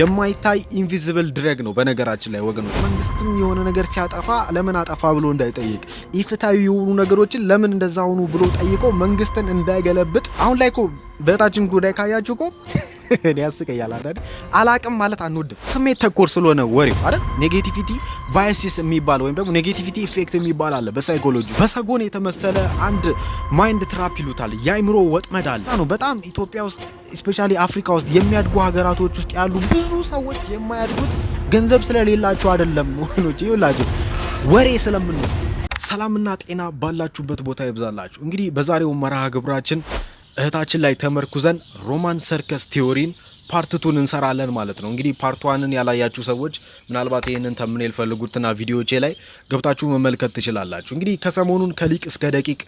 የማይታይ ኢንቪዚብል ድረግ ነው። በነገራችን ላይ ወገኖች መንግስትም የሆነ ነገር ሲያጠፋ ለምን አጠፋ ብሎ እንዳይጠይቅ ኢፍታዊ የሆኑ ነገሮችን ለምን እንደዛ ሆኑ ብሎ ጠይቆ መንግስትን እንዳይገለብጥ አሁን ላይ እኮ በታችን ጉዳይ ካያችሁ እኮ እኔ ያስቀያል። አንዳንዴ አላቅም ማለት አንወድም። ስሜት ተኮር ስለሆነ ወሬው አይደል? ኔጌቲቪቲ ቫይሲስ የሚባል ወይም ደግሞ ኔጌቲቪቲ ኢፌክት የሚባል አለ በሳይኮሎጂ በሰጎን የተመሰለ አንድ ማይንድ ትራፕ ይሉታል። የአይምሮ ወጥመድ አለ ነው። በጣም ኢትዮጵያ ውስጥ ስፔሻሊ አፍሪካ ውስጥ የሚያድጉ ሀገራቶች ውስጥ ያሉ ብዙ ሰዎች የማያድጉት ገንዘብ ስለሌላቸው አይደለም ወገኖች፣ ይኸውላችሁ ወሬ ስለምን ሰላምና ጤና ባላችሁበት ቦታ ይብዛላችሁ። እንግዲህ በዛሬው መርሃ ግብራችን እህታችን ላይ ተመርኩዘን ሮማን ሰርከስ ቲዮሪን ፓርትቱን እንሰራለን ማለት ነው። እንግዲህ ፓርቷንን ያላያችሁ ሰዎች ምናልባት ይህንን ተምኔል ፈልጉትና ቪዲዮቼ ላይ ገብታችሁ መመልከት ትችላላችሁ። እንግዲህ ከሰሞኑን ከሊቅ እስከ ደቂቅ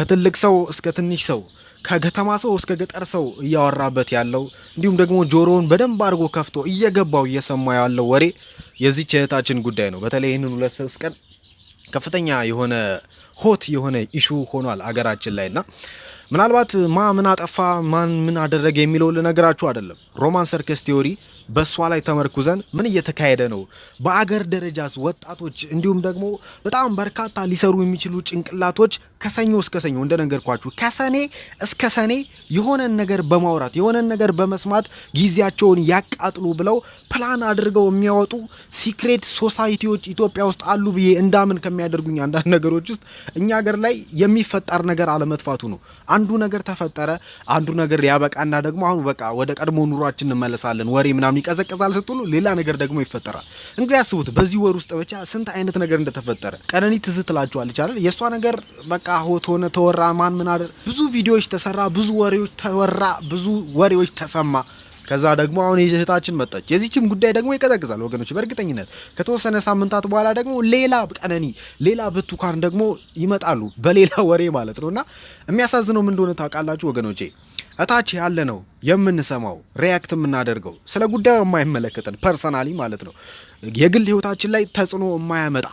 ከትልቅ ሰው እስከ ትንሽ ሰው ከከተማ ሰው እስከ ገጠር ሰው እያወራበት ያለው እንዲሁም ደግሞ ጆሮውን በደንብ አድርጎ ከፍቶ እየገባው እየሰማ ያለው ወሬ የዚች እህታችን ጉዳይ ነው። በተለይ ይህንን ሁለት ሶስት ቀን ከፍተኛ የሆነ ሆት የሆነ ኢሹ ሆኗል አገራችን ላይ ና ምናልባት ማ ምን አጠፋ ማን ምን አደረገ የሚለው ልነግራችሁ አይደለም። ሮማን ሰርከስ ቴዎሪ በእሷ ላይ ተመርኩዘን ምን እየተካሄደ ነው፣ በአገር ደረጃስ ወጣቶች እንዲሁም ደግሞ በጣም በርካታ ሊሰሩ የሚችሉ ጭንቅላቶች ከሰኞ እስከ ሰኞ እንደነገርኳችሁ ከሰኔ እስከ ሰኔ የሆነን ነገር በማውራት የሆነን ነገር በመስማት ጊዜያቸውን ያቃጥሉ ብለው ፕላን አድርገው የሚያወጡ ሲክሬት ሶሳይቲዎች ኢትዮጵያ ውስጥ አሉ ብዬ እንዳምን ከሚያደርጉኝ አንዳንድ ነገሮች ውስጥ እኛ ሀገር ላይ የሚፈጠር ነገር አለመጥፋቱ ነው። አንዱ ነገር ተፈጠረ፣ አንዱ ነገር ያበቃና ደግሞ አሁን በቃ ወደ ቀድሞ ኑሯችን እንመለሳለን ወሬ ምናምን ይቀዘቅዛል ስትሉ ሌላ ነገር ደግሞ ይፈጠራል። እንግዲህ አስቡት በዚህ ወር ውስጥ ብቻ ስንት አይነት ነገር እንደተፈጠረ። ቀነኒ ትዝ ትላችኋል ይቻላል። የእሷ ነገር በቃ ሆት ሆነ፣ ተወራ፣ ማን ምን አደር፣ ብዙ ቪዲዮዎች ተሰራ፣ ብዙ ወሬዎች ተወራ፣ ብዙ ወሬዎች ተሰማ። ከዛ ደግሞ አሁን የእህታችን መጣች። የዚችም ጉዳይ ደግሞ ይቀዘቅዛል ወገኖች፣ በእርግጠኝነት ከተወሰነ ሳምንታት በኋላ ደግሞ ሌላ ቀነኒ፣ ሌላ ብርቱካን ደግሞ ይመጣሉ፣ በሌላ ወሬ ማለት ነው። እና የሚያሳዝነው ምን እንደሆነ ታውቃላችሁ ወገኖቼ እታች ያለ ነው የምንሰማው ሪያክት የምናደርገው ስለ ጉዳዩ የማይመለከተን ፐርሰናሊ ማለት ነው የግል ህይወታችን ላይ ተጽዕኖ የማያመጣ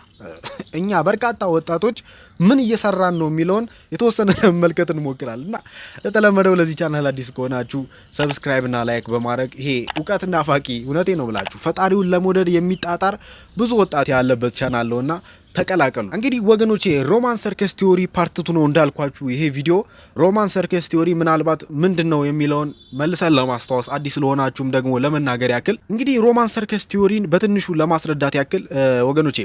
እኛ በርካታ ወጣቶች ምን እየሰራን ነው የሚለውን የተወሰነ መመልከት እንሞክራል እና ለተለመደው ለዚህ ቻናል አዲስ ከሆናችሁ ሰብስክራይብ እና ላይክ በማድረግ ይሄ እውቀት ናፋቂ እውነቴ ነው ብላችሁ ፈጣሪውን ለመውደድ የሚጣጣር ብዙ ወጣት ያለበት ቻናል እና ተቀላቀሉ። እንግዲህ ወገኖቼ ሮማን ሰርከስ ቲዮሪ ፓርትቱ ነው እንዳልኳችሁ። ይሄ ቪዲዮ ሮማን ሰርከስ ቲዮሪ ምናልባት ምንድን ነው የሚለውን መልሰን ለማስታወስ አዲስ ለሆናችሁም ደግሞ ለመናገር ያክል እንግዲህ ሮማን ሰርከስ ቲዮሪን በትንሹ ለማስረዳት ያክል ወገኖቼ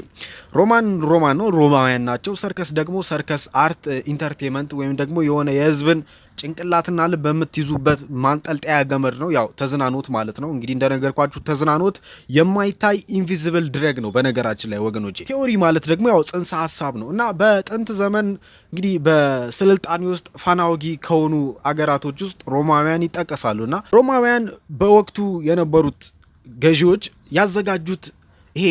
ሮማን ሮማን ነው፣ ሮማውያን ናቸው። ሰርከስ ደግሞ ሰርከስ አርት ኢንተርቴንመንት ወይም ደግሞ የሆነ የህዝብን ጭንቅላትና ልብ በምትይዙበት ማንጠልጠያ ገመድ ነው። ያው ተዝናኖት ማለት ነው እንግዲህ እንደነገርኳችሁ ተዝናኖት የማይታይ ኢንቪዚብል ድረግ ነው። በነገራችን ላይ ወገኖቼ ቴዎሪ ማለት ደግሞ ያው ጽንሰ ሀሳብ ነው እና በጥንት ዘመን እንግዲህ በስልጣኔ ውስጥ ፋናወጊ ከሆኑ አገራቶች ውስጥ ሮማውያን ይጠቀሳሉ እና ሮማውያን በወቅቱ የነበሩት ገዢዎች ያዘጋጁት ይሄ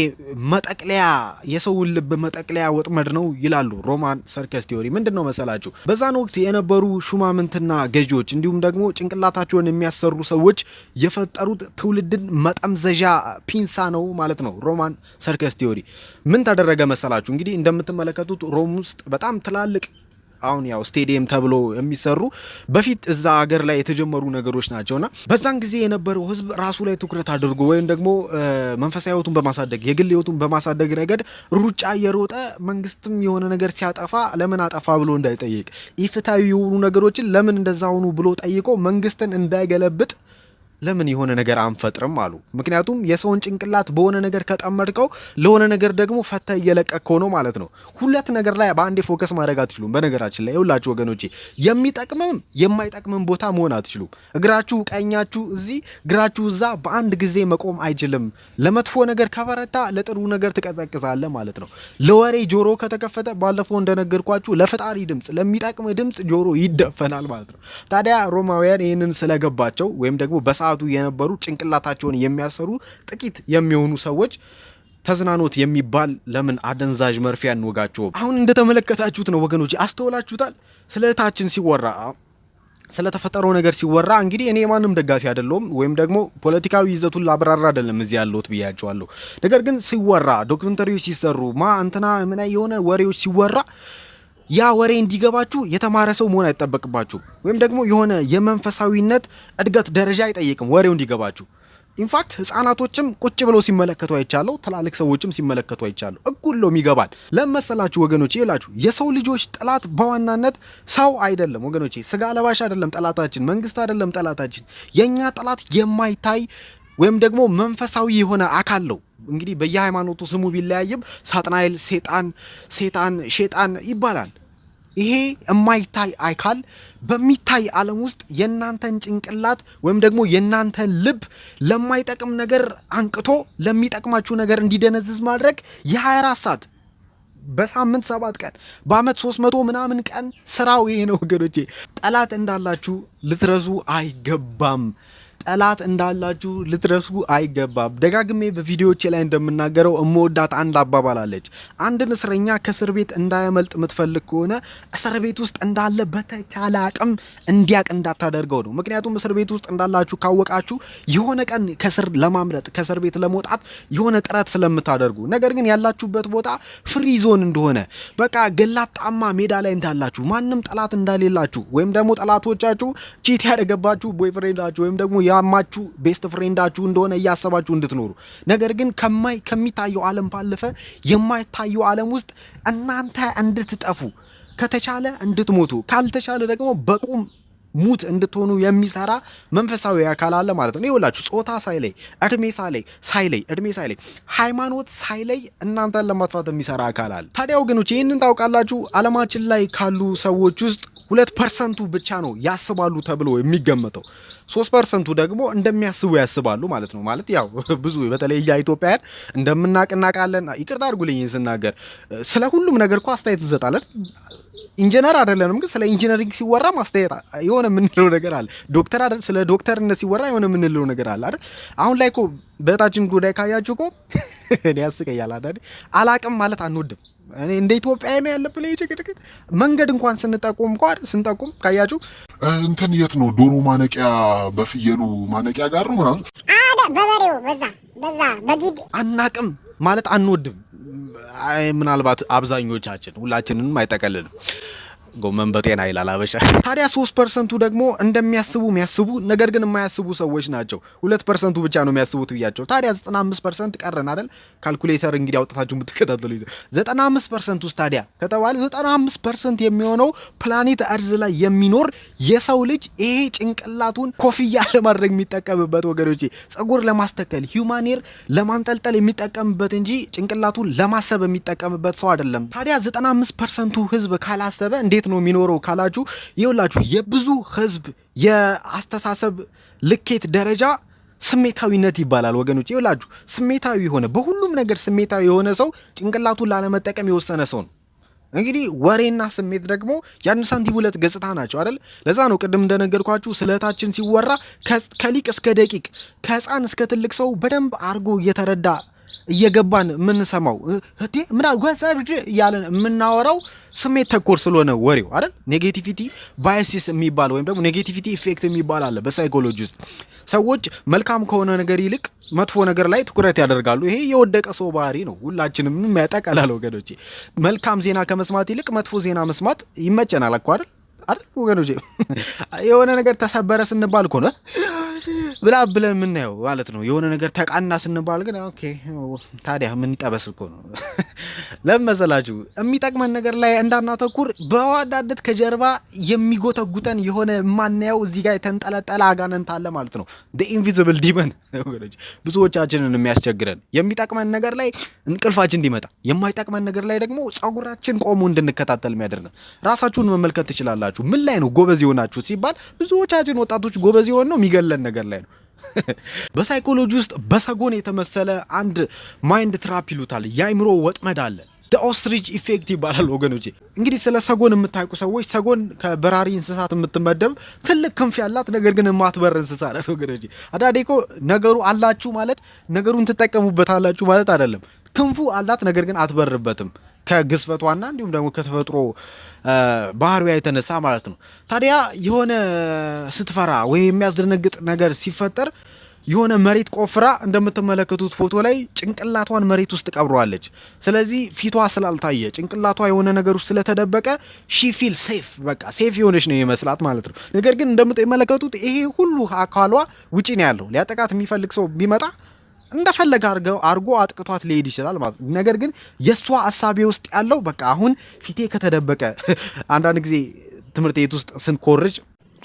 መጠቅለያ የሰውን ልብ መጠቅለያ ወጥመድ ነው ይላሉ ሮማን ሰርከስ ቲዮሪ። ምንድን ነው መሰላችሁ በዛን ወቅት የነበሩ ሹማምንትና ገዢዎች እንዲሁም ደግሞ ጭንቅላታቸውን የሚያሰሩ ሰዎች የፈጠሩት ትውልድን መጠምዘዣ ፒንሳ ነው ማለት ነው። ሮማን ሰርከስ ቲዮሪ ምን ተደረገ መሰላችሁ እንግዲህ እንደምትመለከቱት ሮም ውስጥ በጣም ትላልቅ አሁን ያው ስቴዲየም ተብሎ የሚሰሩ በፊት እዛ ሀገር ላይ የተጀመሩ ነገሮች ናቸውና በዛን ጊዜ የነበረው ህዝብ ራሱ ላይ ትኩረት አድርጎ ወይም ደግሞ መንፈሳዊ ህይወቱን በማሳደግ የግል ህይወቱን በማሳደግ ረገድ ሩጫ እየሮጠ መንግስትም የሆነ ነገር ሲያጠፋ ለምን አጠፋ ብሎ እንዳይጠይቅ ኢፍታዊ የሆኑ ነገሮችን ለምን እንደዛ ሆኑ ብሎ ጠይቆ መንግስትን እንዳይገለብጥ ለምን የሆነ ነገር አንፈጥርም አሉ። ምክንያቱም የሰውን ጭንቅላት በሆነ ነገር ከጠመድቀው ለሆነ ነገር ደግሞ ፈታ እየለቀቅከው ነው ማለት ነው። ሁለት ነገር ላይ በአንዴ ፎከስ ማድረግ አትችሉም። በነገራችን ላይ የሁላችሁ ወገኖቼ የሚጠቅምም የማይጠቅምም ቦታ መሆን አትችሉም። እግራችሁ ቀኛችሁ እዚህ እግራችሁ እዛ በአንድ ጊዜ መቆም አይችልም። ለመጥፎ ነገር ከበረታ ለጥሩ ነገር ትቀዘቅዛለህ ማለት ነው። ለወሬ ጆሮ ከተከፈተ ባለፈው እንደነገርኳችሁ ለፈጣሪ ድምፅ ለሚጠቅም ድምፅ ጆሮ ይደፈናል ማለት ነው። ታዲያ ሮማውያን ይህንን ስለገባቸው ወይም ደግሞ በሰ በሰዓቱ የነበሩ ጭንቅላታቸውን የሚያሰሩ ጥቂት የሚሆኑ ሰዎች ተዝናኖት የሚባል ለምን አደንዛዥ መርፌ አንወጋቸውም? አሁን እንደተመለከታችሁት ነው ወገኖች፣ አስተውላችሁታል። ስለ እህታችን ሲወራ ስለተፈጠረው ነገር ሲወራ እንግዲህ እኔ ማንም ደጋፊ አይደለሁም፣ ወይም ደግሞ ፖለቲካዊ ይዘቱን ላብራራ አይደለም እዚህ ያለሁት ብያቸዋለሁ። ነገር ግን ሲወራ ዶክመንተሪዎች ሲሰሩ ማ እንትና ምን የሆነ ወሬዎች ሲወራ ያ ወሬ እንዲገባችሁ የተማረ ሰው መሆን አይጠበቅባችሁ፣ ወይም ደግሞ የሆነ የመንፈሳዊነት እድገት ደረጃ አይጠይቅም ወሬው እንዲገባችሁ። ኢንፋክት ህጻናቶችም ቁጭ ብለው ሲመለከቱ አይቻለሁ፣ ትላልቅ ሰዎችም ሲመለከቱ አይቻለሁ። እኩሎም ይገባል። ለመሰላችሁ ወገኖቼ፣ ይላችሁ የሰው ልጆች ጠላት በዋናነት ሰው አይደለም ወገኖቼ። ስጋ ለባሽ አይደለም ጠላታችን፣ መንግስት አይደለም ጠላታችን። የእኛ ጠላት የማይታይ ወይም ደግሞ መንፈሳዊ የሆነ አካል ነው። እንግዲህ በየሃይማኖቱ ስሙ ቢለያይም ሳጥናኤል፣ ሴጣን፣ ሴጣን፣ ሼጣን ይባላል። ይሄ የማይታይ አካል በሚታይ ዓለም ውስጥ የእናንተን ጭንቅላት ወይም ደግሞ የእናንተን ልብ ለማይጠቅም ነገር አንቅቶ ለሚጠቅማችሁ ነገር እንዲደነዝዝ ማድረግ የ24 ሰዓት በሳምንት ሰባት ቀን በአመት ሶስት መቶ ምናምን ቀን ስራው ይሄ ነው ወገኖቼ። ጠላት እንዳላችሁ ልትረሱ አይገባም። ጠላት እንዳላችሁ ልትረሱ አይገባም። ደጋግሜ በቪዲዮዎቼ ላይ እንደምናገረው እመወዳት አንድ አባባል አለች። አንድን እስረኛ ከእስር ቤት እንዳያመልጥ የምትፈልግ ከሆነ እስር ቤት ውስጥ እንዳለ በተቻለ አቅም እንዲያቅ እንዳታደርገው ነው። ምክንያቱም እስር ቤት ውስጥ እንዳላችሁ ካወቃችሁ የሆነ ቀን ከስር ለማምለጥ ከእስር ቤት ለመውጣት የሆነ ጥረት ስለምታደርጉ፣ ነገር ግን ያላችሁበት ቦታ ፍሪ ዞን እንደሆነ በቃ ገላጣማ ሜዳ ላይ እንዳላችሁ ማንም ጠላት እንዳሌላችሁ ወይም ደግሞ ጠላቶቻችሁ ቺት ያደረገባችሁ ቦይፍሬንዳችሁ ወይም ደግሞ ያማችሁ ቤስት ፍሬንዳችሁ እንደሆነ እያሰባችሁ እንድትኖሩ። ነገር ግን ከማይ ከሚታየው ዓለም ባለፈ የማይታየው ዓለም ውስጥ እናንተ እንድትጠፉ ከተቻለ እንድትሞቱ ካልተቻለ ደግሞ በቁም ሙት እንድትሆኑ የሚሰራ መንፈሳዊ አካል አለ ማለት ነው። ይኸውላችሁ ጾታ ሳይለይ እድሜ ሳይለይ ሳይለይ እድሜ ሳይለይ ሃይማኖት ሳይለይ እናንተን ለማጥፋት የሚሰራ አካል አለ። ታዲያ ወገኖች ይህንን ታውቃላችሁ? አለማችን ላይ ካሉ ሰዎች ውስጥ ሁለት ፐርሰንቱ ብቻ ነው ያስባሉ ተብሎ የሚገመተው። ሶስት ፐርሰንቱ ደግሞ እንደሚያስቡ ያስባሉ ማለት ነው። ማለት ያው ብዙ በተለይ እያ ኢትዮጵያውያን እንደምናቅ እናቃለን። ይቅርታ አድርጉልኝ ስናገር ስለ ሁሉም ነገር እኮ አስተያየት እንሰጣለን። ኢንጂነር አይደለንም፣ ግን ስለ ኢንጂነሪንግ ሲወራ ማስተያየት የሆነ የምንለው ነገር አለ። ዶክተር አይደል፣ ስለ ዶክተርነት ሲወራ የሆነ የምንለው ነገር አለ አይደል። አሁን ላይ እኮ በታችን ጉዳይ ካያችሁ እኮ እኔ ያስቀያል። አንዳንዴ አላቅም ማለት አንወድም። እኔ እንደ ኢትዮጵያ ነው ያለብን ይህ ችግር። መንገድ እንኳን ስንጠቁም እንኳ ስንጠቁም ካያችሁ እንትን የት ነው ዶሮ ማነቂያ በፍየሉ ማነቂያ ጋር ነው ምናምን በበሬው በዛ በዛ በጊድ አናቅም ማለት አንወድም ምናልባት አብዛኞቻችን ሁላችንንም አይጠቀልልም። ጎመን በጤና ይላል አበሻ። ታዲያ ሶስት ፐርሰንቱ ደግሞ እንደሚያስቡ የሚያስቡ ነገር ግን የማያስቡ ሰዎች ናቸው። ሁለት ፐርሰንቱ ብቻ ነው የሚያስቡት ብያቸው። ታዲያ ዘጠና አምስት ፐርሰንት ቀረን አይደል? ካልኩሌተር እንግዲህ አውጥታችሁ የምትከታተሉ ዘጠና አምስት ፐርሰንት ውስጥ ታዲያ ከተባለ ዘጠና አምስት ፐርሰንት የሚሆነው ፕላኔት እርዝ ላይ የሚኖር የሰው ልጅ ይሄ ጭንቅላቱን ኮፍያ ለማድረግ የሚጠቀምበት ወገኖች፣ ጸጉር ለማስተከል ሂውማኔር ለማንጠልጠል የሚጠቀምበት እንጂ ጭንቅላቱን ለማሰብ የሚጠቀምበት ሰው አይደለም። ታዲያ ዘጠና አምስት ፐርሰንቱ ህዝብ ካላሰበ እንዴት እንዴት ነው የሚኖረው ካላችሁ ይኸውላችሁ የብዙ ህዝብ የአስተሳሰብ ልኬት ደረጃ ስሜታዊነት ይባላል ወገኖች። ይኸውላችሁ ስሜታዊ የሆነ በሁሉም ነገር ስሜታዊ የሆነ ሰው ጭንቅላቱን ላለመጠቀም የወሰነ ሰው ነው። እንግዲህ ወሬና ስሜት ደግሞ የአንድ ሳንቲም ሁለት ገጽታ ናቸው አይደል? ለዛ ነው ቅድም እንደነገርኳችሁ ስለታችን ሲወራ ከሊቅ እስከ ደቂቅ ከህፃን እስከ ትልቅ ሰው በደንብ አድርጎ እየተረዳ እየገባን የምንሰማው ምና እያለን የምናወራው ስሜት ተኮር ስለሆነ ወሬው አይደል። ኔጌቲቪቲ ባያሲስ የሚባል ወይም ደግሞ ኔጌቲቪቲ ኢፌክት የሚባል አለ በሳይኮሎጂ ውስጥ። ሰዎች መልካም ከሆነ ነገር ይልቅ መጥፎ ነገር ላይ ትኩረት ያደርጋሉ። ይሄ የወደቀ ሰው ባህሪ ነው፣ ሁላችንም ያጠቃላል ወገኖቼ። መልካም ዜና ከመስማት ይልቅ መጥፎ ዜና መስማት ይመቸናል እኮ አይደል አይደል ወገኖቼ። የሆነ ነገር ተሰበረ ስንባል ከሆነ ብላ ብለን የምናየው ማለት ነው። የሆነ ነገር ተቃና ስንባል ግን ኦኬ ታዲያ የምንጠበስ እኮ ነው። ለምን መሰላችሁ? የሚጠቅመን ነገር ላይ እንዳናተኩር በዋዳደት ከጀርባ የሚጎተጉተን የሆነ ማናየው እዚህ ጋር የተንጠለጠለ አጋንንት አለ ማለት ነው። ኢንቪዚብል ዲመን ብዙዎቻችንን የሚያስቸግረን የሚጠቅመን ነገር ላይ እንቅልፋችን እንዲመጣ የማይጠቅመን ነገር ላይ ደግሞ ጸጉራችን ቆሞ እንድንከታተል የሚያደርገን። ራሳችሁን መመልከት ትችላላችሁ። ምን ላይ ነው ጎበዝ የሆናችሁት ሲባል ብዙዎቻችን ወጣቶች ጎበዝ የሆን ነው የሚገለን ነገር ነገር ላይ ነው። በሳይኮሎጂ ውስጥ በሰጎን የተመሰለ አንድ ማይንድ ትራፕ ይሉታል፣ የአይምሮ ወጥመድ አለ። ኦስትሪጅ ኢፌክት ይባላል ወገኖቼ። እንግዲህ ስለ ሰጎን የምታውቁ ሰዎች ሰጎን ከበራሪ እንስሳት የምትመደብ ትልቅ ክንፍ ያላት ነገር ግን የማትበር እንስሳ ናት ወገኖቼ። አዳዴ እኮ ነገሩ አላችሁ ማለት ነገሩን አላችሁ ማለት አይደለም። ክንፉ አላት ነገር ግን አትበርበትም። ከግዝፈቷና እንዲሁም ደግሞ ከተፈጥሮ ባህሪዋ የተነሳ ማለት ነው። ታዲያ የሆነ ስትፈራ ወይም የሚያስደነግጥ ነገር ሲፈጠር የሆነ መሬት ቆፍራ እንደምትመለከቱት ፎቶ ላይ ጭንቅላቷን መሬት ውስጥ ቀብረዋለች። ስለዚህ ፊቷ ስላልታየ ጭንቅላቷ የሆነ ነገር ውስጥ ስለተደበቀ ሺ ፊል ሴፍ በቃ ሴፍ የሆነች ነው የመስላት ማለት ነው። ነገር ግን እንደምትመለከቱት ይሄ ሁሉ አካሏ ውጪ ነው ያለው። ሊያጠቃት የሚፈልግ ሰው ቢመጣ እንደፈለገ አርገው አርጎ አጥቅቷት ሊሄድ ይችላል ማለት ነው። ነገር ግን የእሷ አሳቤ ውስጥ ያለው በቃ አሁን ፊቴ ከተደበቀ አንዳንድ ጊዜ ትምህርት ቤት ውስጥ ስንኮርጅ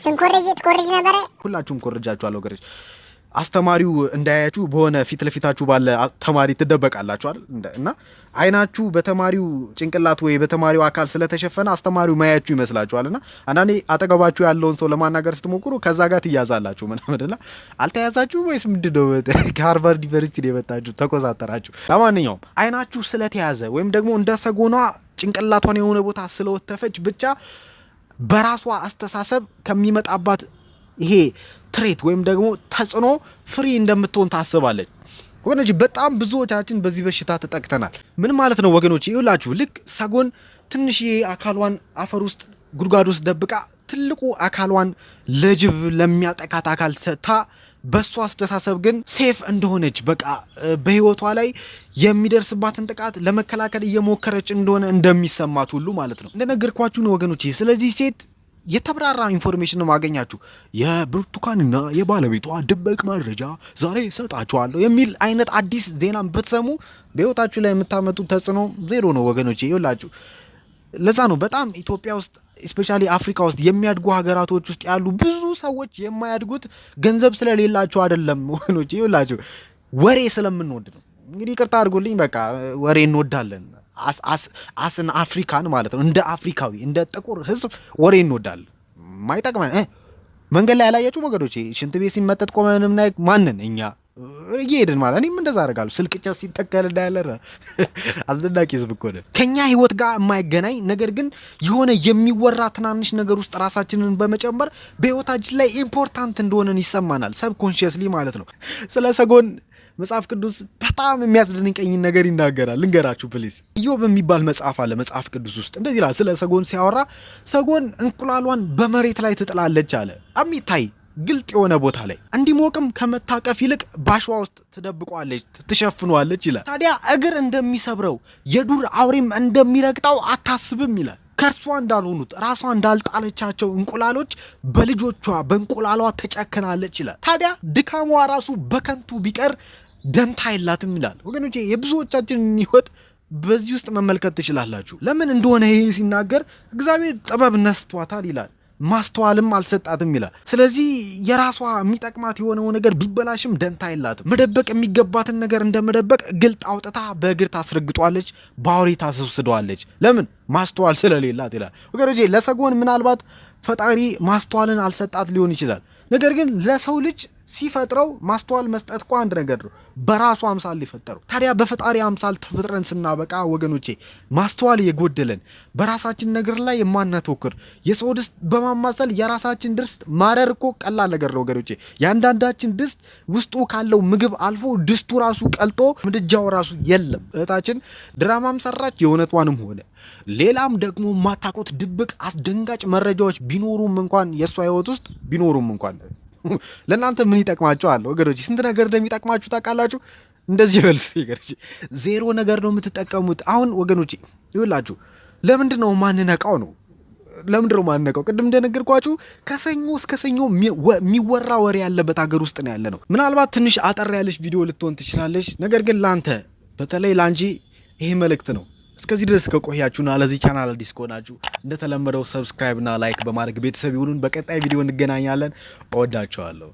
ስንኮርጅ ትኮርጅ ነበረ። ሁላችሁም ኮርጃችኋለሁ ገርጅ አስተማሪው እንዳያችሁ በሆነ ፊት ለፊታችሁ ባለ ተማሪ ትደበቃላችሁ አይደል? እና አይናችሁ በተማሪው ጭንቅላት ወይ በተማሪው አካል ስለተሸፈነ አስተማሪው ማያችሁ ይመስላችኋል። እና አንዳንዴ አጠገባችሁ ያለውን ሰው ለማናገር ስትሞክሩ ከዛ ጋር ትያዛላችሁ ምናምን እና አልተያዛችሁ ወይስ ምንድን ነው? ከሀርቫርድ ዩኒቨርሲቲ የመጣችሁ ተቆሳጠራችሁ። ለማንኛውም አይናችሁ ስለተያዘ ወይም ደግሞ እንደ ሰጎኗ ጭንቅላቷን የሆነ ቦታ ስለወተፈች ብቻ በራሷ አስተሳሰብ ከሚመጣባት ይሄ ትሬት ወይም ደግሞ ተጽዕኖ ፍሪ እንደምትሆን ታስባለች። ወገኖች በጣም ብዙዎቻችን በዚህ በሽታ ተጠቅተናል። ምን ማለት ነው ወገኖች? ይውላችሁ ልክ ሰጎን ትንሽዬ አካሏን አፈር ውስጥ ጉድጓድ ውስጥ ደብቃ ትልቁ አካሏን ለጅብ ለሚያጠቃት አካል ሰጥታ በእሷ አስተሳሰብ ግን ሴፍ እንደሆነች በቃ በህይወቷ ላይ የሚደርስባትን ጥቃት ለመከላከል እየሞከረች እንደሆነ እንደሚሰማት ሁሉ ማለት ነው እንደነገርኳችሁ ነው ወገኖች። ስለዚህ ሴት የተብራራ ኢንፎርሜሽን ነው ማገኛችሁ። የብርቱካንና የባለቤቷ ድብቅ መረጃ ዛሬ ሰጣችኋለሁ የሚል አይነት አዲስ ዜና ብትሰሙ በህይወታችሁ ላይ የምታመጡ ተጽዕኖ ዜሮ ነው ወገኖች ይላችሁ። ለዛ ነው በጣም ኢትዮጵያ ውስጥ ስፔሻሊ አፍሪካ ውስጥ የሚያድጉ ሀገራቶች ውስጥ ያሉ ብዙ ሰዎች የማያድጉት ገንዘብ ስለሌላቸው አይደለም ወገኖች ይላችሁ፣ ወሬ ስለምንወድ ነው። እንግዲህ ቅርታ አድርጉልኝ፣ በቃ ወሬ እንወዳለን። አስን አፍሪካን ማለት ነው። እንደ አፍሪካዊ እንደ ጥቁር ህዝብ ወሬ እንወዳል ማይጠቅመን መንገድ ላይ ያላያችሁ መንገዶች ሽንት ቤት ሲመጠጥ ቆመን ምናይ ማንን እኛ እየሄድን ማለት እኔም እንደዛ አደርጋለሁ። ስልቅጫ ሲተከል እንዳያለ አስደናቂ ህዝብ እኮ ነን። ከኛ ህይወት ጋር የማይገናኝ ነገር ግን የሆነ የሚወራ ትናንሽ ነገር ውስጥ ራሳችንን በመጨመር በህይወታችን ላይ ኢምፖርታንት እንደሆነን ይሰማናል፣ ሰብኮንሽየስሊ ማለት ነው። ስለ ሰጎን መጽሐፍ ቅዱስ በጣም የሚያስደንቀኝ ነገር ይናገራል። ልንገራችሁ ፕሊስ። ኢዮብ የሚባል መጽሐፍ አለ መጽሐፍ ቅዱስ ውስጥ እንደዚህ ይላል። ስለ ሰጎን ሲያወራ ሰጎን እንቁላሏን በመሬት ላይ ትጥላለች አለ አሚታይ ግልጥ የሆነ ቦታ ላይ እንዲሞቅም ከመታቀፍ ይልቅ ባሸዋ ውስጥ ትደብቋለች፣ ትሸፍኗለች ይላል። ታዲያ እግር እንደሚሰብረው የዱር አውሬም እንደሚረግጣው አታስብም ይላል። ከእርሷ እንዳልሆኑት ራሷ እንዳልጣለቻቸው እንቁላሎች በልጆቿ በእንቁላሏ ተጨክናለች ይላል። ታዲያ ድካሟ ራሱ በከንቱ ቢቀር ደንታ የላትም ይላል። ወገኖቼ የብዙዎቻችንን ህይወት በዚህ ውስጥ መመልከት ትችላላችሁ። ለምን እንደሆነ ይሄ ሲናገር እግዚአብሔር ጥበብ ነስቷታል ይላል ማስተዋልም አልሰጣትም ይላል። ስለዚህ የራሷ የሚጠቅማት የሆነው ነገር ቢበላሽም ደንታ የላትም። መደበቅ የሚገባትን ነገር እንደ መደበቅ ግልጥ አውጥታ በእግር ታስረግጧለች፣ በአውሬ ታስወስደዋለች። ለምን ማስተዋል ስለሌላት ይላል። ወገኖቼ ለሰጎን ምናልባት ፈጣሪ ማስተዋልን አልሰጣት ሊሆን ይችላል። ነገር ግን ለሰው ልጅ ሲፈጥረው ማስተዋል መስጠት እኮ አንድ ነገር ነው። በራሱ አምሳል ሊፈጠሩ ታዲያ በፈጣሪ አምሳል ተፈጥረን ስናበቃ ወገኖቼ ማስተዋል የጎደለን በራሳችን ነገር ላይ የማናተኩር የሰው ድስት በማማሰል የራሳችን ድስት ማረር እኮ ቀላል ነገር ነው ወገኖቼ። የአንዳንዳችን ድስት ውስጡ ካለው ምግብ አልፎ ድስቱ ራሱ ቀልጦ ምድጃው ራሱ የለም። እህታችን ድራማም ሰራች የእውነቷንም ሆነ ሌላም ደግሞ ማታቆት ድብቅ አስደንጋጭ መረጃዎች ቢኖሩም እንኳን የእሷ ህይወት ውስጥ ቢኖሩም እንኳን ለእናንተ ምን አለ ወገኖች? ስንት ነገር እንደሚጠቅማችሁ ታውቃላችሁ? እንደዚህ በልስ ገሮች ዜሮ ነገር ነው የምትጠቀሙት። አሁን ወገኖች ይውላችሁ፣ ለምንድን ነው ማንነቃው ነው ለምንድን ነው ቅድም እንደነገርኳችሁ ከሰኞ እስከ ሰኞ የሚወራ ወሬ ያለበት ሀገር ውስጥ ነው ያለ ነው። ምናልባት ትንሽ አጠር ያለች ቪዲዮ ልትሆን ትችላለች። ነገር ግን ላንተ በተለይ ላንቺ ይሄ መልእክት ነው። እስከዚህ ድረስ ከቆያችሁና ለዚህ ቻናል አዲስ ከሆናችሁ እንደተለመደው ሰብስክራይብና ላይክ በማድረግ ቤተሰብ ይሁኑን። በቀጣይ ቪዲዮ እንገናኛለን። እወዳቸዋለሁ።